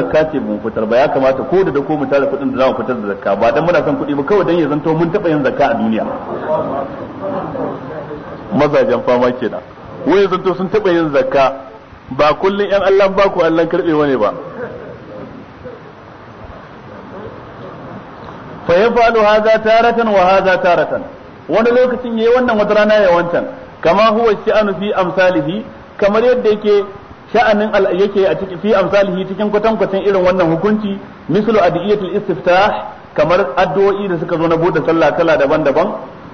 zakka ce mun fitar ba ya kamata ko da ko mu tara kuɗin da za mu fitar da zakka ba dan muna son kuɗi ba kawai dan ya zanto mun taɓa yin zakka a duniya mazajen fama kenan wai zanto sun taɓa yin zakka ba kullun ƴan Allah ba ku Allah karɓewa ne ba fa yafalu hadha taratan wa hadha taratan wani lokacin yayi wannan wata rana ya wancan kama huwa sha'anu fi amsalihi kamar yadda yake sha'anin yake a cikin fi amsalihi cikin kwatankwacin irin wannan hukunci mislu adiyatul istiftah kamar addu'o'i da suka zo na bude sallah kala daban-daban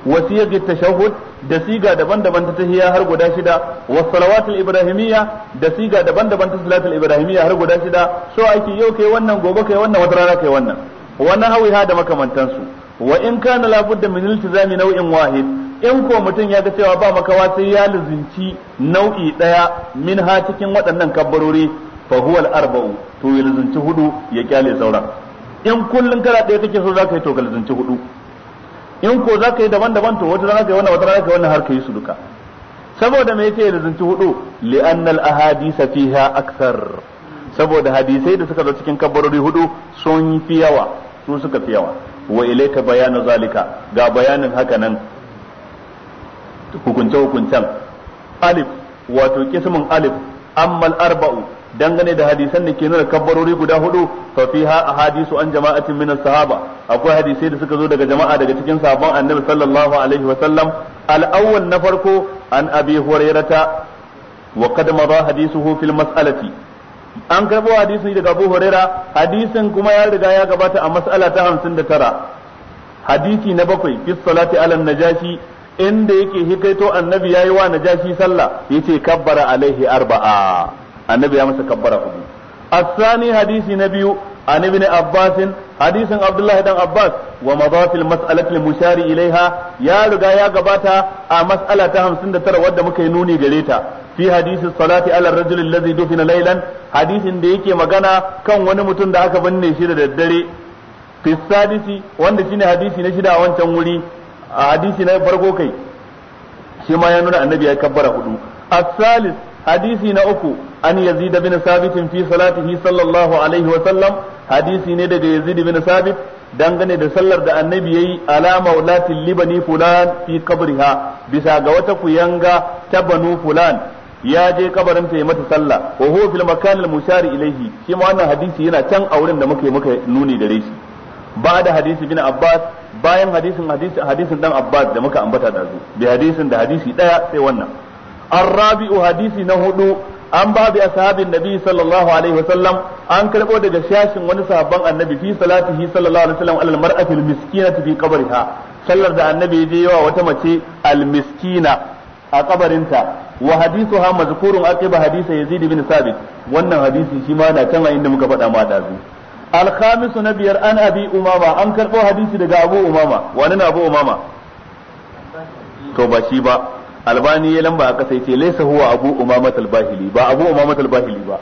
wasiyar tashahhud da siga daban-daban ta tahiyya har guda shida wa salawatul ibrahimiyya da siga daban-daban ta salatul ibrahimiyya har guda shida so ake yau kai wannan gobe kai wannan wata rana kai wannan wannan hawiha da makamantansu wa in kana labudda min iltizami nau'in wahid in ko mutum ya ga cewa ba makawa sai ya lizinci nau'i daya min ha cikin waɗannan kabarori fa huwa arba'u to ya lizinci hudu ya kyale sauran in kullun kana daya kake so zaka yi to ka lizinci hudu in ko zaka yi daban-daban to wata rana kai wannan wata rana kai wannan har kai su duka saboda me yake lizinci hudu li'anna al-ahadisa fiha akthar saboda hadisai da suka zo cikin kabbarori hudu sun fi yawa su suka fi yawa wa ilayka bayanu zalika ga bayanin haka nan hukunce hukuncen alif wato kismin alif ammal arba'u dangane da hadisan da ke nuna kabbarori guda hudu fa fiha ahadisu an jama'atin min sahaba akwai hadisai da suka zo daga jama'a daga cikin sahabban annabi sallallahu alaihi wa sallam al awwal na farko an abi hurairata wa qad mada hadisuhu fil mas'alati an karbo hadisin daga Abu Huraira hadisin kuma ya riga ya gabata a mas'ala ta 59 hadisi na bakwai fi salati ala najashi inda yake hikaito annabi yayi wa najashi sallah yace kabbara alaihi arba'a annabi ya masa kabbara hudu na حديث نبي عن ابن abbas حديث عبد الله بن عباس ومضى في المسألة ya إليها يا لغا يا غباتا مسألة 59 wadda muka yi nuni gare ta fi hadisi salati ala rajul alladhi dufina laylan hadisin da yake magana kan wani mutum da aka binne shi da daddare fi sadisi wanda shine hadisi na shida a wancan wuri a hadisi na farko kai shi ma ya nuna annabi ya kabbara hudu as-salis hadisi na uku an yazid bin sabit fi salatihi sallallahu alaihi wa sallam hadisi ne daga yazid bin sabit dangane da sallar da annabi yayi ala maulatil libani fulan fi qabriha bisa ga wata kuyanga ta banu fulan ya je kabarin ta yi mata sallah wa huwa fil makan al mushari ilayhi shi ma wannan hadisi yana can a wurin da muke muke muka nuni gare shi ba da hadisi bin abbas bayan hadisin hadisi hadisin dan abbas da muka ambata da su bi hadisin da hadisi daya sai wannan arrabi'u hadisi na hudu an ba bi ashabin nabi sallallahu alaihi wasallam an karbo daga shashin wani sahabban annabi fi salatihi sallallahu alaihi wasallam alal mar'atil miskinati fi qabriha sallar da annabi je yawa wata mace al miskina a kabarinta wa hadithu ha mazkurun aqiba hadisi yazid bin sabit wannan hadisi shi ma na can a inda muka faɗa ma da su الخامس نبير أن أبي أمامة أنكر بو حديث دقى أبو أمامة وانا أبو أمامة توبا شيبا albani ya lamba aka sai ce laysa abu umama al-bahili ba abu umama al-bahili ba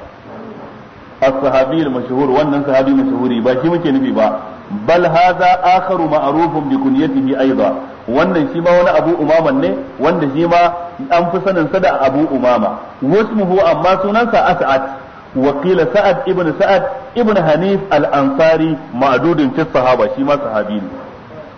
as wannan sahabi mashhuri ba shi muke nufi ba bal hadha akharu ma'rufun bi kunyatihi aidan wannan shi ma wani abu umaman ne wanda shi ma an fi sanin sa da abu umama wasmuhu amma sunansa as'ad وقيل سعد ابن سعد ابن حنيف الأنصاري معدود في الصحابة شيما صحابين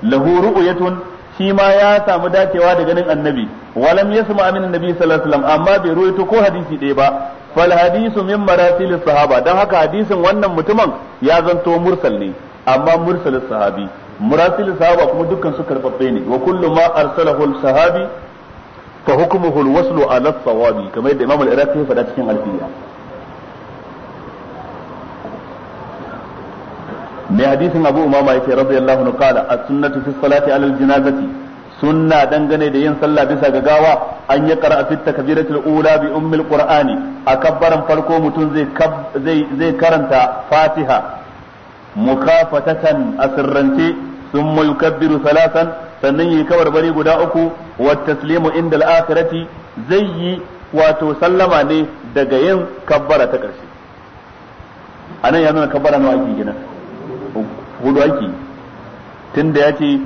له رؤية شيما يا سامو داكيوا دغنين النبي ولم يسمع من النبي صلى الله عليه وسلم أما برؤيته كو حديثي دي با فالحديث من مراسل الصحابة ده هكا حديث wannan mutumin ya zanto mursal ne amma mursal sahabi murasil sahaba kuma dukkan su karbabbe ne wa kullu ma arsalahu sahabi fa hukmuhu alwaslu ala sawabi kamar yadda faɗa cikin alfiya mai hadisin abu umama yake radiyallahu anhu qala as-sunnatu fi salati sunna dangane da yin sallah bisa ga gawa an ya qara fi takbiratul ula bi ummil qur'ani a kabbaran farko mutum zai karanta fatiha mukafatatan asirrance thumma yukabbiru salatan sannan yi bari guda uku wa taslimu inda al-akhirati zai yi wato sallama ne daga yin kabbara ta ƙarshe anan ya nuna kabbara nawa ake gida. hudu ake tun da ya ce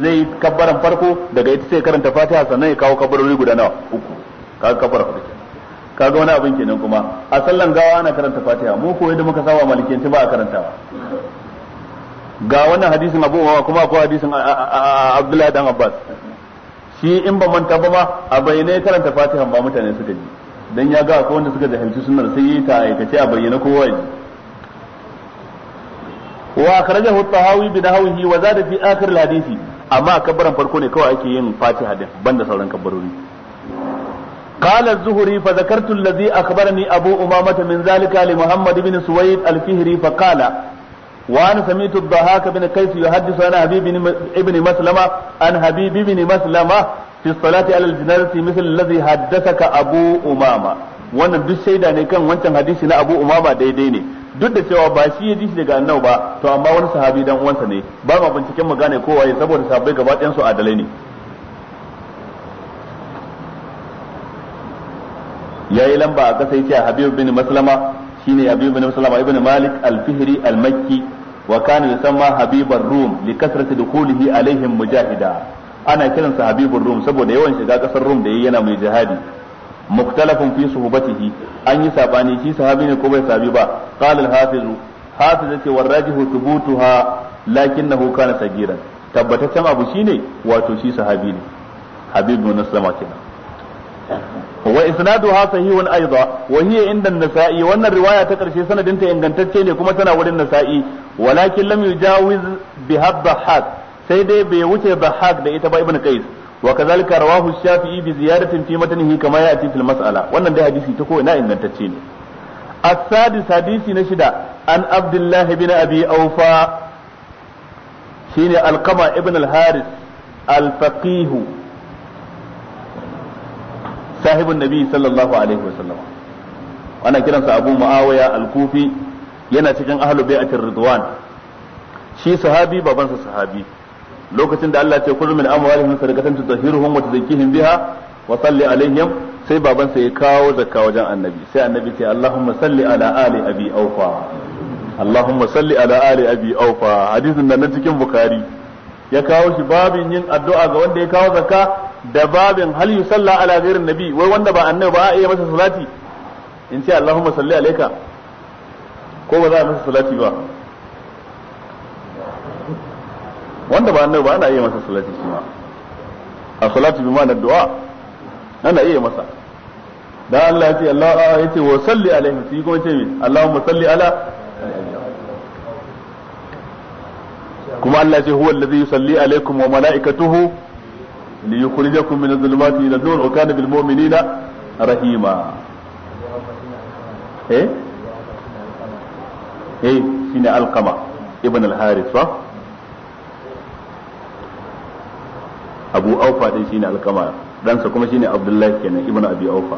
zai kabbaran farko daga ita sai karanta fatiha sannan ya kawo kabbarori guda nawa uku kaga kabbara farko kaga wani abin kenan kuma a sallan gawa ana karanta fatiha mu ko yadda muka saba malikiyanci ba a ba ga wannan hadisin abu umawa kuma akwai hadisin abdullahi dan abbas shi in ba manta ba ma a bayyane karanta fatiha ba mutane suka ji dan ya ga akwai wanda suka jahilci sunnar sai yi ta aikace a bayyane kowa ya ji Wa ka raja hoto hawi bin hauhi wa za fi a karla hadithi? Amma kambaran farko ne kawai ake yin Fati Hadith ban da sauran kambarori. Qala zuhuri fa da kar tun ni abu umma mata min zali kare Muhammad Bin Suwaid Al fi hiri fa kala. Wani sami tubba haka bani kai suyi haɗu sanin Habibu ni Maslama an Habibu ni Maslama fistula ta yi halal jana'izar suyi masin lazayya abu umma Wannan duk shaida ne kan wancan hadithi na abu umama ma daidai ne. duk da cewa ba shi ya ji shi daga annabi ba to amma wani sahabi dan uwansa ne ba ma binciken mu gane kowa ya saboda sahabbai gaba ɗayan su adalai ne yayi lamba a kasa yace Habib bin Maslama shine Habib bin Maslama ibn Malik al-Fihri al-Makki wa kana yusamma Habibar Rum li kasrati alaihim mujahida ana kiransa Habibur Rum saboda yawan shiga kasar Rum da yayi yana mai jihadi muktalafin fi suhbatihi an yi sabani shi sahabi ne ko bai sahabi ba qala al-hafiz hafiz yace warajihu thubutuha lakinnahu kana sagiran tabbataccen abu shine wato shi sahabi ne habib bin sallama kenan wa isnaduha sahihun aidan wa hiya inda an-nasa'i wannan riwaya ta karshe sanadinta ingantacce ne kuma tana wurin nasa'i walakin lam yujawiz biha dhahhak sai dai bai wuce dhahhak da ita ba ibn qais wa kazalika rawahu shafi'i bi ziyadatin fi matnihi kama a fil mas'ala wannan da hadisi ta ko ina ingantacce ne as-sadis hadisi na shida an abdullah ibn abi awfa shine alqama ibn al-haris al-faqih sahibin nabi sallallahu alaihi wasallam ana kiransa abu muawiya al-kufi yana cikin ahlul bai'atir ridwan shi sahabi babansa sahabi lokacin da Allah ya ce kullu min amwalihim sadaqatan tutahhiruhum wa tuzakkihim biha wa salli alaihim sai babansa ya kawo zakka wajen annabi sai annabi ce Allahumma salli ala ali abi aufa Allahumma salli ala ali abi aufa hadisin nan cikin bukhari ya kawo shi babin yin addu'a ga wanda ya kawo zakka da babin hal yusalla ala ghairin nabi wai wanda ba annabi ba a iya masa salati in ce Allahumma salli alayka ko ba za a masa salati ba wanda ba annabi ba ana iya masa salati shi ma a salatu bi ma'anar du'a ana iya masa da Allah ya ce Allah ya ce wa salli alaihi sai kuma ce Allahumma salli ala kuma Allah ya ce huwa yusalli alaikum wa malaikatuhu min adh-dhulumati ila nur wa kana bil mu'minina rahima eh eh shine alqama ibn al-harith abu aufa din shine alkama ɗansa kuma shine abdullahi kenan ibnu abi aufa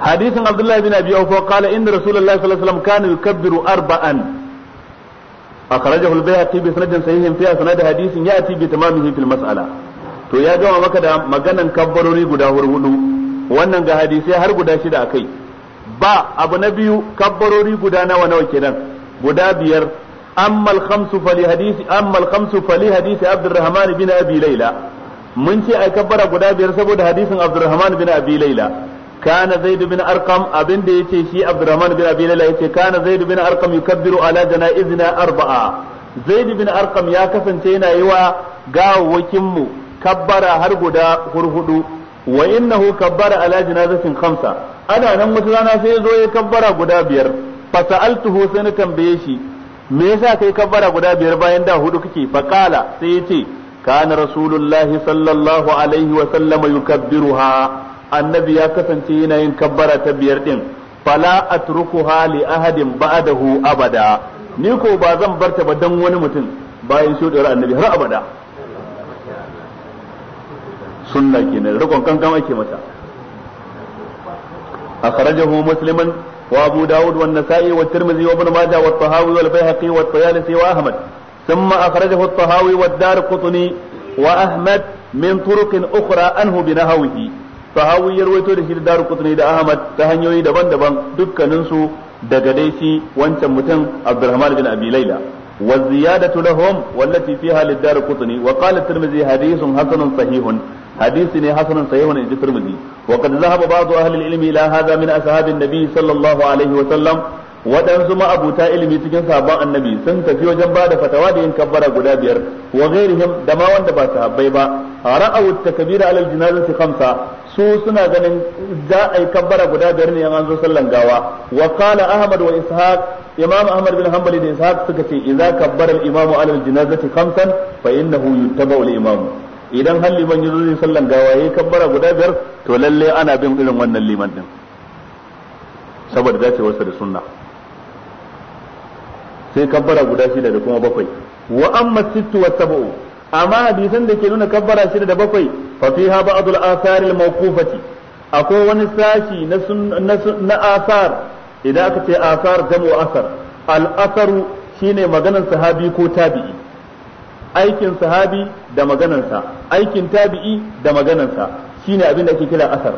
hadisin abdullahi bin abi aufa qala inna rasulullahi sallallahu alaihi wasallam kana yukabbiru arba'an akhrajahu al-bayhaqi bi sanadin sahihin fi sanad hadisin ya'ti bi tamamihi fil mas'ala to ya gama maka da maganan kabbarori guda hudu wannan ga hadisai har guda shida akai ba abu na biyu kabbarori guda nawa nawa kenan guda biyar أما الخمس فلحديث أما الخمس فلحديث عبد الرحمن بن أبي ليلى من شيء أكبر قد بيرسبوا حديث عبد الرحمن بن أبي ليلى كان زيد بن أرقم أبن ديتي شي عبد الرحمن بن أبي ليلى يتي كان زيد بن أرقم يكبر على جنائزنا أربعة زيد بن أرقم يا كفن تينا يوا قاو وكمو كبر هربدا هرهدو وإنه كبر على جنازة خمسة أنا نمت لنا سيزو يكبر قد بير فسألته سنة بيشي me yasa kai kabbara guda biyar bayan da hudu kake kala sai yace kana rasulullahi sallallahu alaihi wa sallama yukabbiruha annabi ya kasance yana yin kabbara ta biyar din fala atrukuha li ahadin ba'dahu abada ni ko ba zan barta ba dan wani mutum bayan shudewar annabi har abada sunna kenan rikon kankan ake mata akhrajahu musliman وابو داود والنسائي والترمذي وابن ماجه والطهاوي والبيهقي والطيالسي واحمد ثم اخرجه الطهاوي والدار قطني واحمد من طرق اخرى انه بنهوه طهاوي يرويته da shi da Daruqutni da Ahmad ta hanyoyi daban-daban dukkaninsu daga dai shi wancan mutum Abdurrahman bin Abi Laila wa ziyadatu lahum wallati fiha lid-Daruqutni wa qala at-Tirmidhi hadithun hasanun sahihun hadisi ne hasanun sahihun inji tirmidhi wa qad zahaba ba'du ahli al-ilmi ila hadha min ashabin nabi sallallahu alaihi wa sallam waɗansu ma'abuta ilimi cikin sabon annabi sun tafi wajen bada fatawa da yin kabbara guda biyar wa ghairihim da ma wanda ba sahabbai ba ra'awu takbira alal janazati khamsa su suna ganin za a yi kabbara guda biyar ne an zo sallan gawa wa qala ahmad wa ishaq imam ahmad bin hanbali da ishaq suka ce idza kabbara al-imam alal janazati khamsan fa innahu yuttabu al-imam idan har liman yazo zai sallan gawa yayi kabbara guda biyar to lalle ana bin irin wannan liman din saboda dacewarsa da sunna sai kabbara guda shida da kuma bakwai wa amma sittu wa sab'u amma hadisan da ke nuna kabbara shida da bakwai fa fiha ba'd al-athar al-mawqufati akwai wani sashi na na asar idan aka ce asar jamu asar al-asaru shine maganar sahabi ko tabi'i aikin sahabi da maganarsa aikin tabi'i da maganarsa shine abin da ake kira asar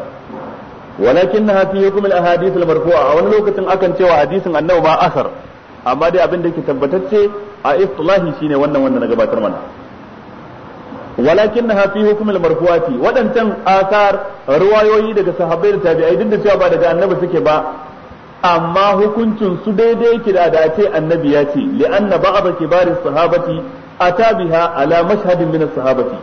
walakin na fi hukum al-ahadith a wani lokacin akan cewa hadisin annabi ba asar amma dai abin da yake tabbatacce a istilahi shine wannan wanda na gabatar mana walakin na fi hukum al-marfu'ati waɗancan asar ruwayoyi daga sahabbai da tabi'ai duk da cewa ba daga annabi suke ba amma hukuncin su daidai kira da da ce annabi ya ce li'anna ba kibari sahabati ata biha ala mashhadin min sahabati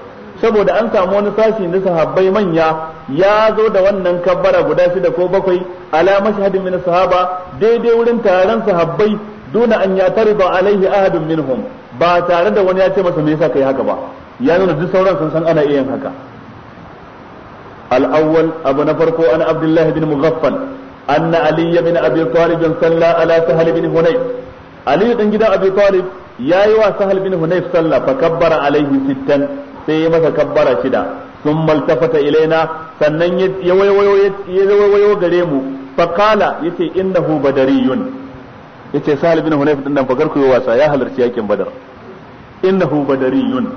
saboda an samu wani sashi na sahabbai manya ya zo da wannan kabbara guda shida ko bakwai ala mashhadin min sahaba daidai wurin taron sahabbai duna an ya tarida alaihi ahadun minhum ba tare da wani ya ce masa me yasa kai haka ba ya nuna duk sauran sun san ana iya yin haka al-awwal abu na farko an abdullah bin mughaffal anna ali bin abi talib salla ala sahal bin hunayf ali dan gidan abi talib yayi wa sahal bin hunayf sallah fa kabbara alaihi sittan sai ya masa kabbara shida sun maltafata ilaina sannan ya wayo gare mu fa qala yace innahu badariyun ce sahal bin hunayf din nan fa karku wasa ya halarci yakin badar innahu badariyun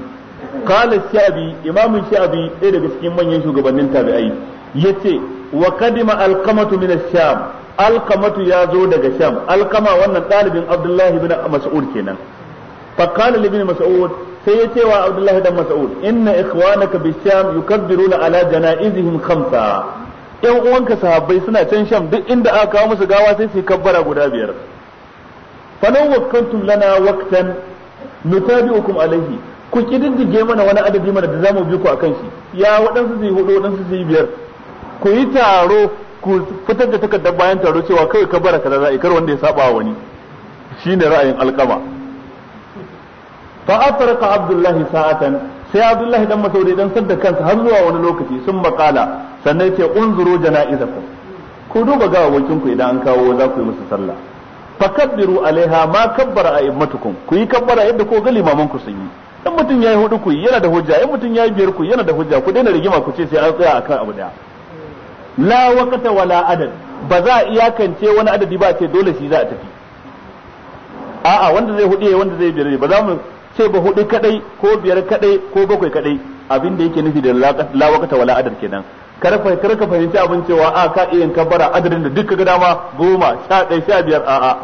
qala shabi imamu shabi ɗaya daga cikin manyan shugabannin tabi'ai ce wa qadima alqamatu min ash-sham alqamatu ya zo daga sham alqama wannan ɗalibin abdullahi bin mas'ud kenan فقال لابن مسعود سيتي وعبد الله بن مسعود إن إخوانك بالشام يكبرون على جنائزهم خمسة yan uwanka sahabbai suna can shan duk inda aka kawo masu gawa sai su kabbara guda biyar falau wakkantum lana waqtan nutabi'ukum alaihi. ku kididdige mana wani adadi mana da zamu bi ku akan shi ya waɗansu su yi hudu waɗansu su yi biyar ku yi taro ku fitar da takardar bayan taro cewa kawai kabbara kaza za'i kar wanda ya saba wani shine ra'ayin alƙama fa afraqa abdullahi sa'atan sai abdullahi dan masaudi dan sadda kansa har zuwa wani lokaci sun makala sannan yace unzuru janaizakum ku duba gawawakin ku idan an kawo za ku yi musu sallah fakabbiru alaiha ma kabbara a'immatukum ku yi kabbara yadda ko gali maman ku sun yi in mutum yayi hudu ku yana da hujja in mutum yayi biyar ku yana da hujja ku daina rigima ku ce sai an tsaya akan abu daya la waqta wala adad ba za a iyakance wani adadi ba ce dole shi za a tafi a'a wanda zai hudu yayi wanda zai biyar ba za mu ce ba hudu kadai ko biyar kadai ko bakwai kadai abin da yake nufi da lawakata wala adar kenan kar kar ka fahimci abin cewa a ka iya kabbara adadin da dukkan ga dama goma sha ɗaya sha biyar a'a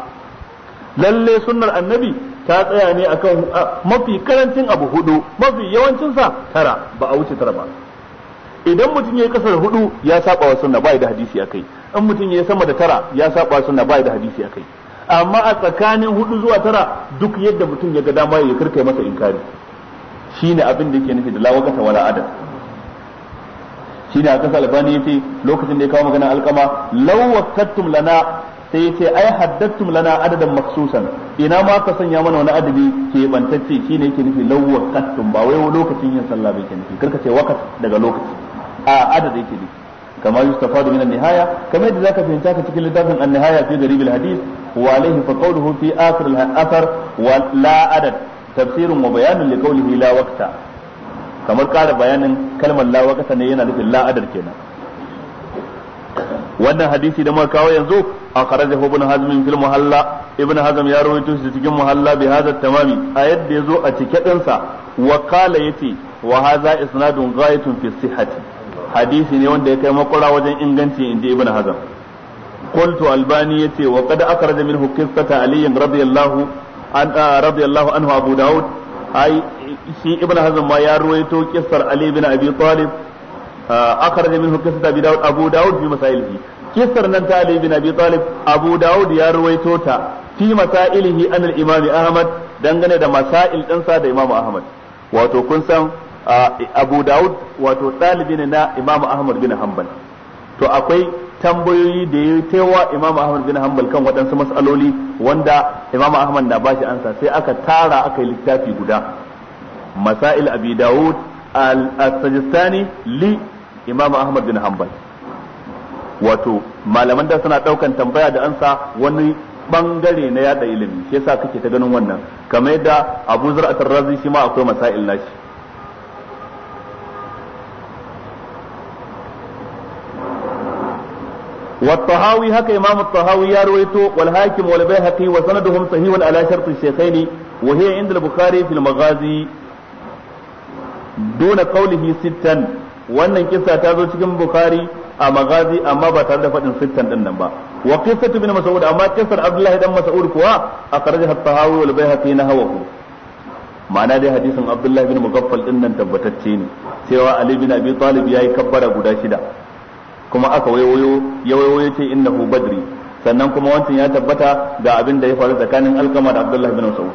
lalle sunnar annabi ta tsaya ne akan mafi karancin abu hudu mafi yawancinsa tara ba a wuce tara ba idan mutum ya yi kasar hudu ya saba wa sunna ba da hadisi akai in mutum ya yi sama da tara ya saba sunna ba da hadisi akai amma a tsakanin hudu zuwa tara duk yadda mutum ya ga dama ya karkai masa inkari shine abin da yake nufi da lawakata wala adad shine a kasa albani yace lokacin da ya kawo magana alkama law wakattum lana sai yace ai haddattum lana adadan maksusan ina ma ka sanya mana wani adadi ke bantacce shine yake nufi law wakattum ba wai lokacin yin sallah bai ke nufi karka ce wakat daga lokaci a adad yake nufi kamar yustafadu min an-nihaya kamar yadda zaka fahimta ka cikin littafin an-nihaya fi gharib al-hadith wa alayhi fa qawluhu fi akhir al-athar wa la adad tafsirun wa bayanun kamar ƙara bayanin kalmar la waqta ne yana nufin la kenan wannan hadisi da muka kawo yanzu akhrajahu ibn hazm fil muhalla ibn hazm ya rawaito shi cikin muhalla bi hadha tamami a yadda ya zo a cike dinsa wa qala yati wa hadha isnadun ghayatun fi sihhati hadisi ne wanda ya kai makura wajen inganci inji ibn hazm qultu albani yace wa qad akhraja minhu qissata ali radiyallahu an radiyallahu anhu abu daud ai shi ibn hazm ma ya ruwaito kissar ali bin abi talib akhraja minhu qissata abi daud abu daud bi masailihi kissar nan ta ali ibn abi talib abu daud ya ruwaito ta fi masailihi an al imam ahmad dangane da masail sa da imam ahmad wato kun san abu daud wato ɗalibi ne na imamu ahmad bin hanbal to akwai tambayoyi da ya taiwa imamu ahmad bin hanbal kan waɗansu matsaloli wanda imamu ahmad na bashi ansa sai aka tara aka yi littafi guda masail abi daud al-sajistani li imamu ahmad bin hanbal wato malaman da suna ɗaukan tambaya da ansa wani bangare na yada ilimi shi yasa kake ta ganin wannan kamar yadda abu zar'atar razi shi ma akwai masail nashi والطهاوي هكا إمام الطهاوي يرويته والهاكم والبيهقي وسندهم صحيح على شرط الشيخين وهي عند البخاري في المغازي دون قوله ستا wannan kisa ta zo cikin bukhari a magazi amma ba tare da faɗin sittan din ba wa qissatu bin mas'ud amma qissar abdullahi dan mas'ud kuwa akhrajaha at-tahawi wal bayhaqi nahwahu ma'ana dai hadisin abdullahi bin mugaffal din nan tabbatacce ne cewa ali bin ya yi kabbara guda shida kuma aka wayoyo ya wayoyo ce innahu badri sannan kuma wancan ya tabbata ga abin da ya faru tsakanin alkama da abdullahi bin mas'ud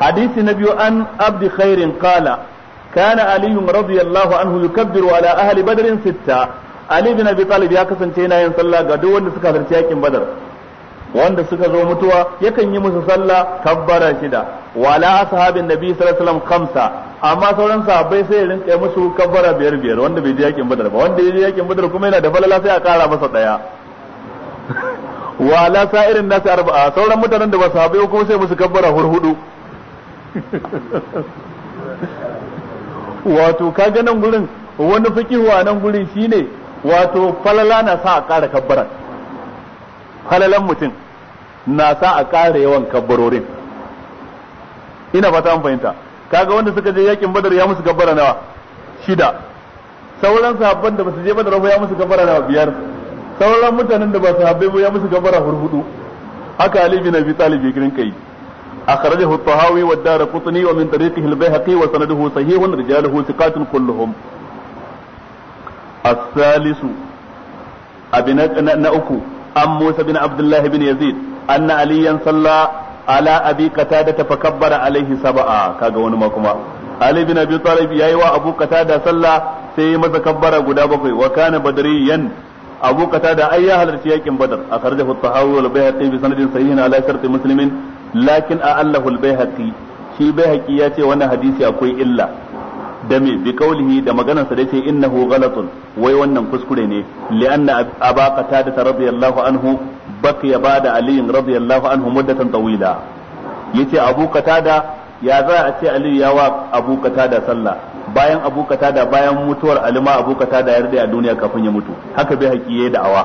hadisi na biyu an abdi khairin qala kana ali radiyallahu anhu yukabbiru ala ahli badrin sitta ali bin abi talib ya kasance yana yin sallah ga duk wanda suka halarci yakin badar wanda suka zo mutuwa yakan yi musu sallah tabbara shida wala ashabin nabi sallallahu alaihi wasallam khamsa amma sauran sahabbai sai rinka musu kabbara biyar biyar wanda bai je yakin badar ba wanda ya yakin badar kuma yana da falala sai a kara masa daya wala sa'irin nasu arba'a sauran mutanen da ba sahabbai ko sai musu kabbara hurhudu wato ka ga nan gurin wani fikihu a nan gurin shine wato falala na sa a kara kabbara falalan mutum na sa a ƙara yawan kabbarorin ina fata an fahimta kaga wanda suka je yakin badar ya musu gabbara nawa shida sauran sahabban da basu je badar ba ya musu gabbara nawa biyar sauran mutanen da ba sahabbai ba ya musu gabbara hurhudu haka ali bin abi talib ya kirin kai akhrajahu at-tahawi wa ad-darqutni wa min tariqihi al-bayhaqi wa sanaduhu sahihun rijaluhu thiqatun kulluhum as-salisu abinat na uku عن موسى بن عبد الله بن يزيد أن عليا صلى على أبي قتادة فكبر عليه سبعا كاغا ونما كما علي بن أبي طالب يايوا أبو قتادة صلى sai masa kabbara guda bakwai wa kana badriyan abu da ai halarci yakin badar akhrajahu at-tahawi wal bayhaqi bi sanadin sahihin ala shart muslimin lakin a allahu al shi bayhaqi ya ce wannan hadisi akwai illa da me bi kaulihi da maganar sa dace innahu ghalatun wai wannan kuskure ne li'anna aba qatada radiyallahu anhu baqiya bada ali radiyallahu anhu muddatan tawila yace abu qatada ya za a ce ali ya wa abu qatada sallah bayan abu qatada bayan mutuwar ali ma abu qatada ya a duniya kafin ya mutu haka bai haƙiye da'awa.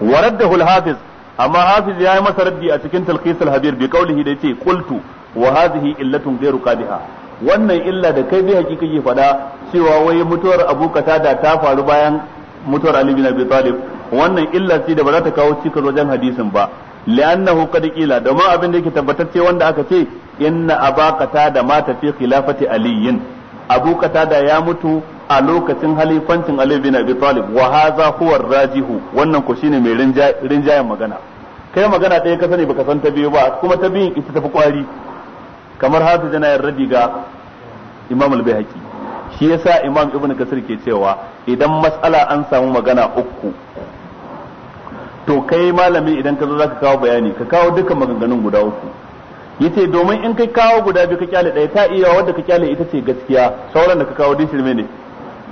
awa waraddahu al-hafiz amma hafiz ya yi masa raddi a cikin talqis al-habir bi da yace qultu wa hadhihi illatun ghairu qadiha wannan illa da kai bai hakika ke fada cewa wai mutuwar Abu Qatada ta faru bayan mutuwar Ali bin Abi Talib wannan illa ce da ba za ta kawo cika wajen hadisin ba li'annahu qad qila da ma abin da yake tabbatacce wanda aka ce inna Abu Qatada mata fi khilafati aliyin Abu Qatada ya mutu a lokacin halifancin Ali bin Abi Talib wa hadha huwa rajihu wannan ko shine mai rinjayen magana kai magana ɗaya ka sani baka san ta biyu ba kuma ta biyun ita tafi kwari kamar hafiz yana yin rabi ga imam al-baihaqi shi yasa imam ibnu kasir ke cewa idan mas'ala an samu magana uku to kai malami idan ka zo zaka kawo bayani ka kawo dukkan maganganun guda uku yace domin in kai kawo guda biyu ka kyale ɗaya ta iya wadda ka kyale ita ce gaskiya sauran da ka kawo din ne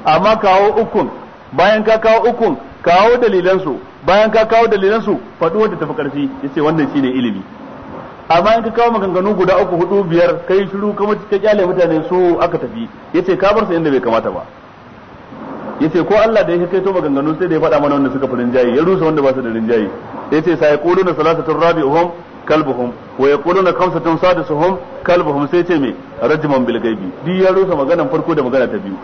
amma kawo ukun bayan ka kawo ukun kawo dalilan su bayan ka kawo dalilan su faɗi tafi ƙarfi yace wannan shine ilimi amma in ka kawo maganganu guda uku hudu biyar kai shiru kuma ka kyale mutane su aka tafi yace ka bar su inda bai kamata ba yace ko Allah da ya kai to maganganu sai da ya faɗa mana wanda suka fi rinjaye ya rusa wanda ba su da rinjaye yace sai yaquluna salatatul rabi'uhum kalbuhum wa yaquluna khamsatun sadisuhum kalbuhum sai ce me rajman bil gaibi di ya rusa maganan farko da magana ta biyu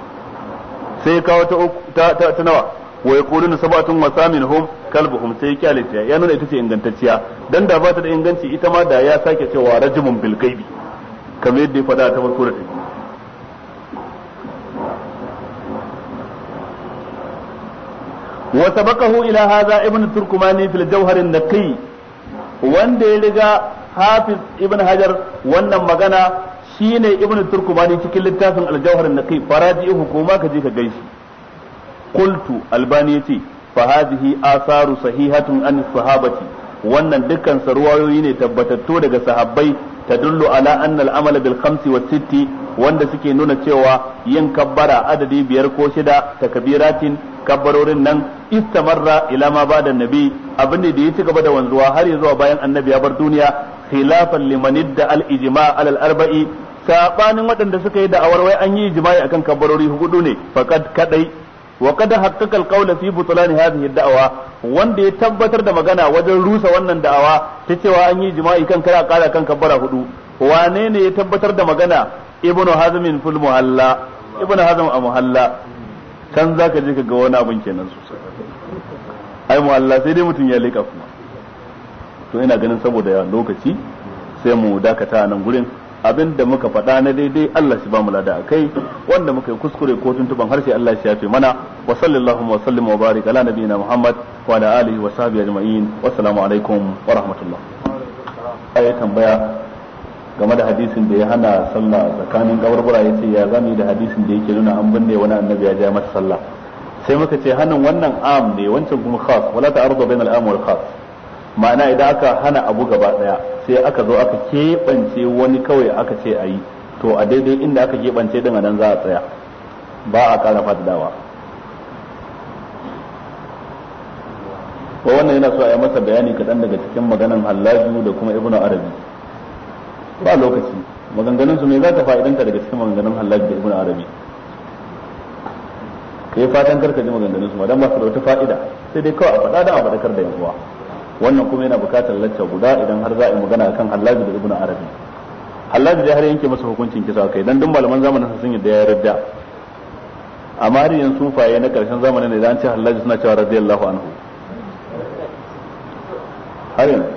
sai ya kawo ta ta, ta, ta nawa wa yaquluna sab'atun wa thaminuhum kalbuhum sai ya ya nuna ita ce ingantacciya dan da ba ta da inganci ita ma da ya sake cewa rajmun bil gaibi kamar yadda ya faɗa ta farko da take wa sabaqahu ila hadha ibn turkumani fil jawhar an-naqi wanda ya riga hafiz ibn hajar wannan magana shine ibn turkumani cikin littafin al-jawhar an-naqi faraji ko ma ka je ka gaishe qultu albani yace fa hadhihi atharu sahihatun an wannan dukkan sarwayoyi ne tabbatattu daga sahabbai tadullu ala anna al-amal bil khamsi wa sitti wanda suke nuna cewa yin kabbara adadi biyar ko shida takbiratin kabbarorin nan istamarra ila ma bada nabi abin da ya ci gaba da wanzuwa har ya zuwa bayan annabi ya bar duniya khilafar liman da al-ijma' ala al waɗanda suka yi da awarwai an yi ijma'i akan kabbarori hudu ne faqad kadai wa kada haqqaqa al-qawla fi butlan hadhihi wanda ya tabbatar da magana wajen rusa wannan da'awa ta cewa an yi jima'i kan kara kara kan kabbara hudu wane ne ya tabbatar da magana ibnu hazmin fil muhalla ibnu a muhalla zaka je ka ga wani abin kenan sosai ai muhalla sai dai mutum ya leka kuma to ina ganin saboda lokaci sai mu dakata nan gurin abin da muka faɗa na daidai Allah shi ba mu lada a kai wanda muka yi kuskure ko tuntuban har sai Allah shi yafe mana wa sallallahu wa sallim wa barik ala nabiyina Muhammad wa ala alihi wa sahbihi ajma'in assalamu alaikum wa rahmatullah ayi tambaya game da hadisin da ya hana sallah tsakanin gabarbura yace ya zami da hadisin da yake nuna an binne wani annabi ya ja masa sallah sai muka ce hannun wannan am ne wancan kuma khas wala ta'arudu bainal am wal khas ma'ana idan aka hana abu gaba daya sai aka zo aka keɓance wani kawai aka ce a yi to a daidai inda aka keɓance din a nan za a tsaya ba a ƙara dawa. ba wannan yana so a yi masa bayani kaɗan daga cikin maganan hallaju da kuma ibnu arabi ba lokaci maganganun su me za ka fa'idanta daga cikin maganganun hallaju da ibnu arabi kai fatan karka ji maganganun su ma dan ba su da wata fa'ida sai dai kawai a faɗa da a faɗakar da yan uwa wannan kuma yana bukatar lacca guda idan har za a yi magana akan hallaji da ibnu arabi hallaji da har yanke masa hukuncin kisa kai dan duk malaman zamanin sun yadda ya radda amma har yanzu sufaye na karshen zamanin idan ce hallaji suna cewa radiyallahu anhu har yanzu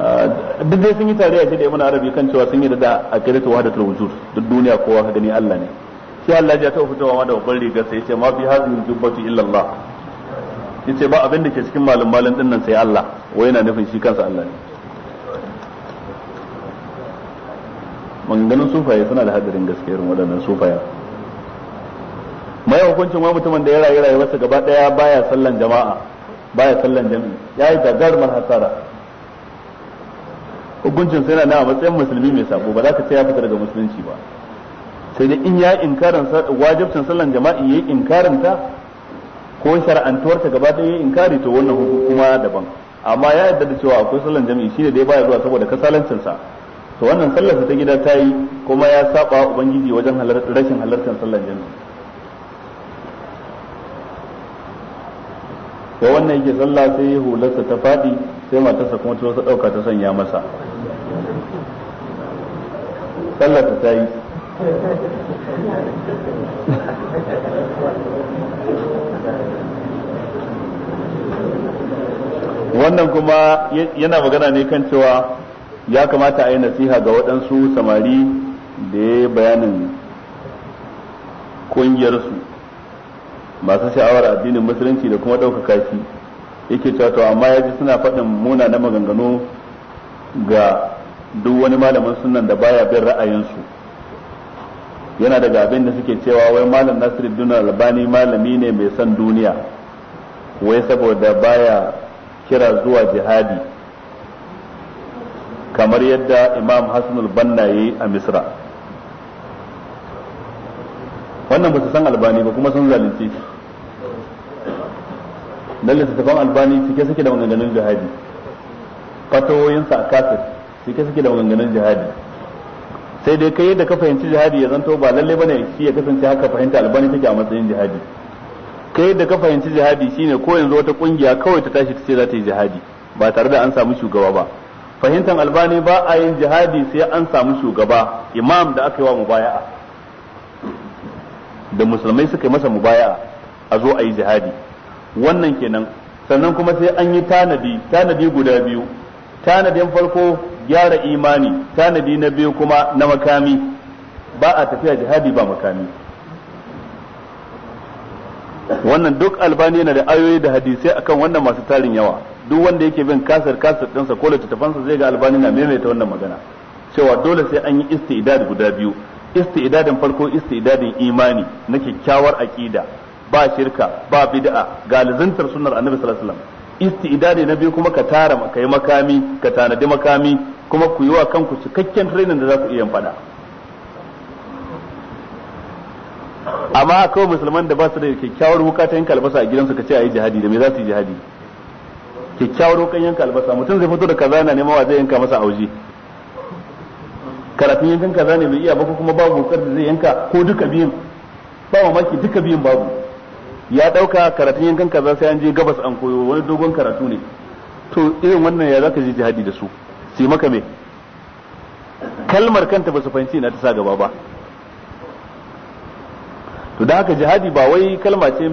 ah, duk dai sun yi tare a da ibn arabi kan cewa sun yi da a kiratu wahdatul wujud duk duniya kowa ka gani Allah ne sai Allah ya taɓa fitowa da babban rigar sai ce ma fi hadhihi jubbatu illa Allah yace ba abin da ke cikin malum malum din nan sai Allah wai yana nufin shi kansa Allah ne ganin sufaye suna da hadarin gaske irin waɗannan sufaye mai hukuncin wani mutumin da ya rayu rayuwarsa gaba daya baya sallan jama'a baya sallan jami'i ya yi gagarumar hasara hukuncin sai na a matsayin musulmi mai sabo ba za ka ce ya fita daga musulunci ba sai dai in ya inkarin wajibcin sallan jama'i yi inkarin ta ko shar'antuwar ta gaba ɗaya yayi inkari to wannan hukuma daban amma ya yarda da cewa akwai sallan jami'i shine dai baya zuwa saboda kasalancin sa to wannan sallar ta gida ta yi kuma ya saba ubangiji wajen rashin halartar sallan jami'i da wannan yake sallah sai hularsa ta faɗi sai matarsa kuma ta ɗauka ta sanya masa sallar ta yi wannan kuma yana magana ne kan cewa ya kamata a yi nasiha ga waɗansu samari da ya yi bayanin ƙungiyarsu masu sha'awar addinin musulunci da kuma ɗaukaka shi yake cewa to amma ya ji suna faɗin muna na maganganu ga duk wani malamin sunan da baya bin ra'ayinsu yana daga abin da suke cewa wai malam nasiruddin albani malami ne mai son duniya wai saboda baya kira zuwa jihadi kamar yadda imam hassan banna yi a misra wannan ba su san albani ba kuma sun zalunci. shi su littattafan albani cike suke da maganganun jihadi fatawoyinsa a kafir cike suke da maganganun jihadi sai dai kai yadda ka fahimci jihadi ya zanto ba lalle bane shi ya kasance haka fahimta albani take a matsayin jihadi kai yadda ka fahimci jihadi shine ko yanzu wata kungiya kawai ta tashi ta ce za ta yi jihadi ba tare da an samu shugaba ba fahimtar albani ba a yin jihadi sai an samu shugaba imam da aka yi wa mubaya'a da musulmai suka yi masa mubaya'a a zo a yi jihadi wannan kenan sannan kuma sai an yi tanadi tanadi guda biyu tanadin farko gyara imani tanadi na biyu kuma na makami ba a tafiya jihadi ba makami wannan duk albani yana da ayoyi da hadisai akan wannan masu tarin yawa duk wanda yake bin kasar kasar ɗinsa ko littattafansa zai ga albani na maimaita wannan magana cewa dole sai an yi istidad guda biyu istidadin farko istidadin imani na kyakkyawar aqida ba shirka ba bid'a ga lizantar sunnar annabi sallallahu alaihi wasallam istidadi na biyu kuma ka tara ka yi makami ka tanadi makami kuma ku yi wa kanku cikakken training da za ku iya fada amma akwai musulman da ba su da kyakkyawar wuka ta yanka albasa a gidansu ka ce a yi jihadi da me za su yi jihadi kyakkyawar wukan yanka albasa mutum zai fito da kaza yana neman wa zai yanka masa auje. karatun yankan kaza ne bai iya ba kuma babu wukar da zai yanka ko duka biyun ba mamaki duka biyun babu ya ɗauka karatun yankan kaza sai an je gabas an koyo wani dogon karatu ne to irin wannan ya zaka je jihadi da su sai maka me kalmar kanta ba su fahimci na ta sa gaba ba to da haka jihadi ba wai kalma ce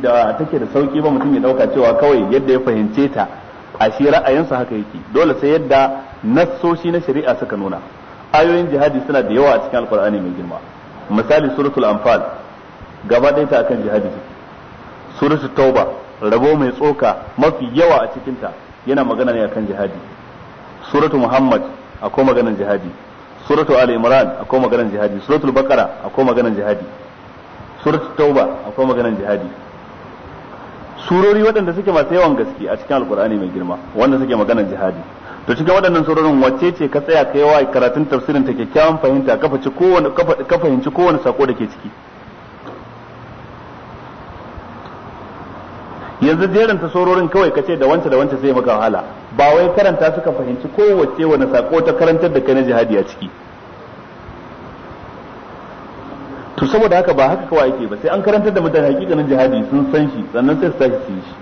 da take da sauki ba mutum ya dauka cewa kawai yadda ya fahimce ta a shi ra'ayinsa haka yake dole sai yadda nassoshi na shari'a suka nuna ayoyin jihadi suna da yawa a cikin alkur'ani mai girma misali suratul anfal gaba ɗaya ta akan jihadi take suratul tauba rabo mai tsoka mafi yawa a cikinta yana magana ne akan jihadi suratul muhammad akwai magana jihadi suratul ali imran akwai magana jihadi suratul baqara akwai magana jihadi suratul tauba akwai magana jihadi surori waɗanda suke masu yawan gaske a cikin alkur'ani mai girma wanda suke magana jihadi to cikin waɗannan surorin wacce ce ka tsaya kai wa karatun tafsirin ta kyakkyawan fahimta ka fahimci ka fahimci kowane sako da ke ciki yanzu jerin ta sororin kawai ce da wance da wance sai maka wahala ba wai karanta suka fahimci kowace wani sako ta karantar da kai na jihadi a ciki to saboda haka ba haka kawai yake ba sai an karantar da mutane hakikanin jihadi sun san shi sannan sai su tashi su shi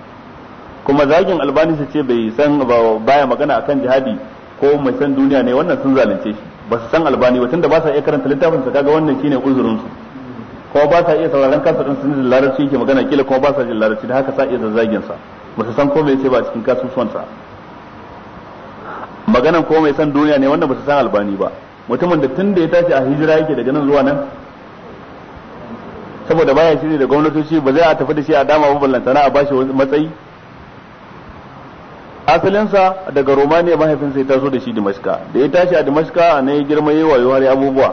kuma zagin albani su ce bai san baya magana akan jihadi ko mai san duniya ne wannan sun zalunce shi ba su san albani ba tunda ba sa iya karanta littafin sa kaga wannan shine uzurin su ko ba sa iya sauraron kansa din sunan da larabci yake magana kila ko ba sa jin larabci da haka sa iya zazzagin sa ba su san ko mai ce ba cikin kasusuwan sa maganan ko mai san duniya ne wanda ba su san albani ba mutumin da tun da ya tashi a hijira yake daga nan zuwa nan saboda baya ne da gwamnatoci ba zai a tafi da shi a dama ba na a bashi matsayi asalinsa daga romania mahaifinsa ya taso da shi dimashka da ya tashi a dimashka a na yi girma yi wayo har abubuwa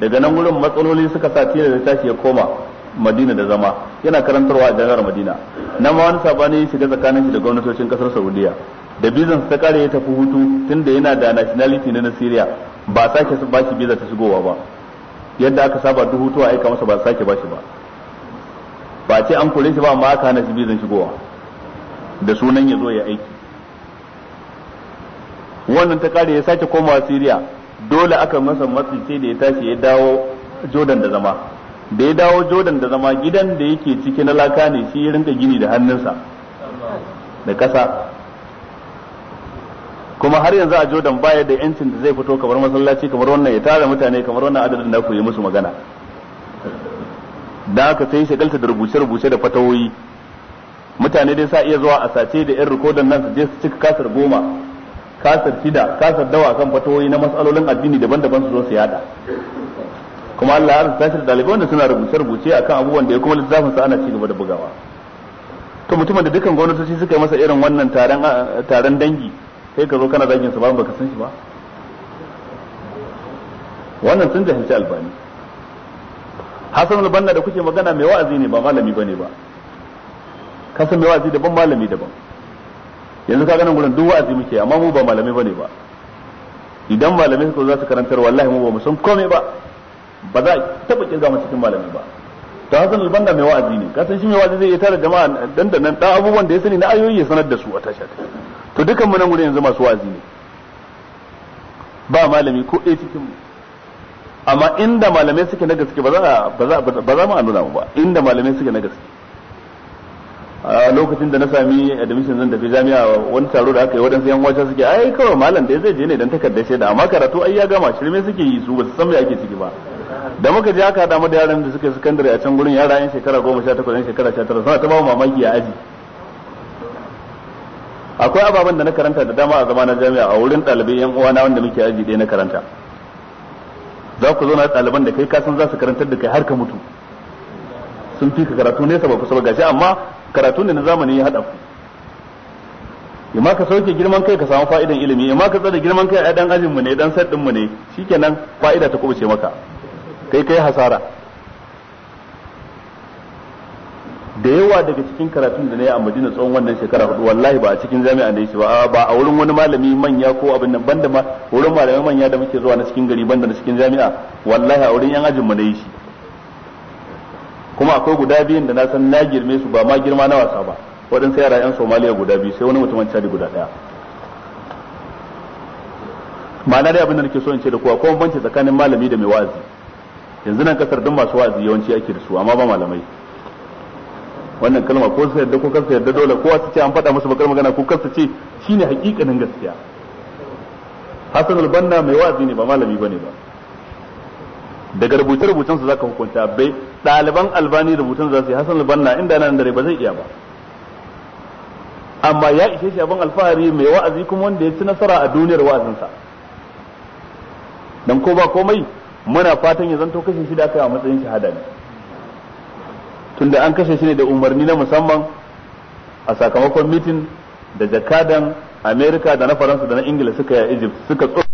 daga nan wurin matsaloli suka sa tilo da tashi ya koma madina da zama yana karantarwa a jami'ar madina na ma wani sabani ya shiga tsakanin shi da gwamnatocin kasar saudiya da bizan ta kare ya tafi hutu tunda yana da nationality na nasiriya ba sake ba shi biza ta shigowa ba yadda aka saba duk hutu a aika masa ba sake ba shi ba ba ce an kore shi ba amma aka hana shi bizan shigowa da sunan ya zo ya aiki wannan ta kare ya sake komawa siriya dole aka masa matsi sai da ya tashi ya dawo Jordan da zama da ya dawo jodan da zama gidan da yake ciki na laka ne shi ya rinka gini da hannunsa da ƙasa kuma har yanzu a jodan baya da yancin da zai fito kamar masallaci kamar wannan ya tara mutane kamar wannan adadin ku yi musu magana da aka sai shagalta da rubuce-rubuce da fatawoyi mutane dai sa iya zuwa a sace da 'yan rikodon nan su je su cika kasar goma kasar shida kasar dawa kan fatawoyi na matsalolin addini daban-daban su zo su yada kuma Allah ya rubuta shi dalibai wanda suna rubuce-rubuce akan abubuwan da ya kuma lissafin sa ana ci gaba da bugawa to mutumin da dukkan gwamnatoci suka yi masa irin wannan taron taron dangi sai ka zo kana dangin su ba baka san shi ba wannan sun jahilci albani Hassan al-Banna da kuke magana mai wa'azi ne ba malami bane ba kasan mai wa'azi daban malami daban yanzu ka ganin gurin duk wa'azi muke amma mu ba malamai bane ba idan malamai suka za su karantar wallahi mu ba mu san komai ba ba za a taba kirga mu cikin malamai ba to Hassan albanda mai wa'azi ne ka san shi mai wa'azi zai tare jama'a dan da nan dan abubuwan da ya sani na ayoyi ya sanar da su a tasha to dukan mu nan gurin yanzu masu wa'azi ne ba malami ko ɗaya cikin mu amma inda malamai suke na gaske ba za ba za ba za mu nuna mu ba inda malamai suke na gaske a lokacin da na sami admission zan tafi jami'a wani taro da aka yi waɗansu yan wata suke ai kawai malam da zai je ne dan takardar shaida amma karatu ai ya gama shirme suke yi su ba su san me ake ciki ba da muka je aka damu da yaran da suke sakandare a can gurin yara yan shekara goma sha yan shekara sha tara suna ta ba mamaki a aji akwai ababen da na karanta da dama a zama na jami'a a wurin ɗalibai yan uwana wanda muke aji ɗaya na karanta za ku zauna ɗaliban da kai kasan za su karantar da kai har ka mutu sun fi ka karatu nesa ba kusa ba gashi amma Karatun da na zamani ya haɗa ku ya ma ka sauke girman kai ka samu fa'idan ilimi ya ma ka tsada girman kai a ɗan ajin ne ɗan saddinmu ne shi ke nan fa'ida ta kubuce maka kai kai hasara da yawa daga cikin karatun da na yi a Madina tsawon wannan shekara hudu wallahi ba a cikin jami'a da shi ba ba a wurin wani malami manya ko abin nan banda ma wurin malamai manya da muke zuwa na cikin gari banda na cikin jami'a wallahi a wurin yan ajinmu na yi shi kuma akwai guda biyun da na san na girme su ba ma girma na wasa ba waɗansu yara 'yan somaliya guda biyu sai wani mutumin cadi guda ɗaya ma'ana dai abin da nake so in ce da kuwa kuma banci tsakanin malami da mai wazi yanzu nan kasar duk masu wazi yawanci ake da su amma ba malamai wannan kalma ko su yarda ko kansa yarda dole kowa su ce an faɗa musu bakar magana ko kansa ce shine hakikanin gaskiya hasan albanna mai wazi ne ba malami bane ba daga rubuce rubucen su zaka hukunta bai ɗaliban albani rubutun za su yi hasan albanna inda nan dare ba zai iya ba amma ya ishe shi abin alfahari mai wa'azi kuma wanda ya ci nasara a duniyar wa'azinsa dan ko ba komai muna fatan ya zanto kashe shi da aka yi a matsayin shahada ne tunda an kashe shi ne da umarni na musamman a sakamakon mitin da jakadan amerika da na faransa da na ingila suka yi egypt suka